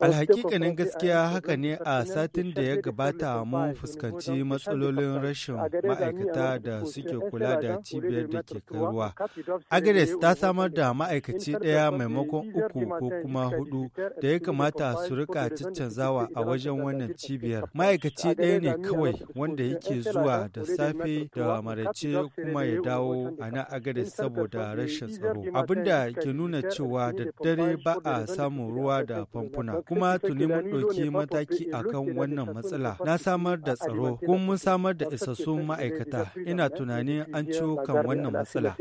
Alhakikanin gaskiya haka ne a satin da ya gabata mun fuskanci matsalolin rashin ma'aikata da suke kula da cibiyar da ke karuwa Agades ta samar da ma'aikaci ɗaya maimakon uku ko kuma hudu da ya kamata su rika caccanzawa a wajen wannan cibiyar. Ma'aikaci ɗaya ne kawai wanda yake zuwa da safe da marace kuma ya dawo a na agares saboda rashin tsaro. Abinda ke nuna cewa da dare dai ba a samun ruwa da famfuna kuma tuni mun ɗauki mataki akan wannan matsala na samar da tsaro kuma mun samar da isassun ma'aikata ina tunanin an ciwo kan wannan matsala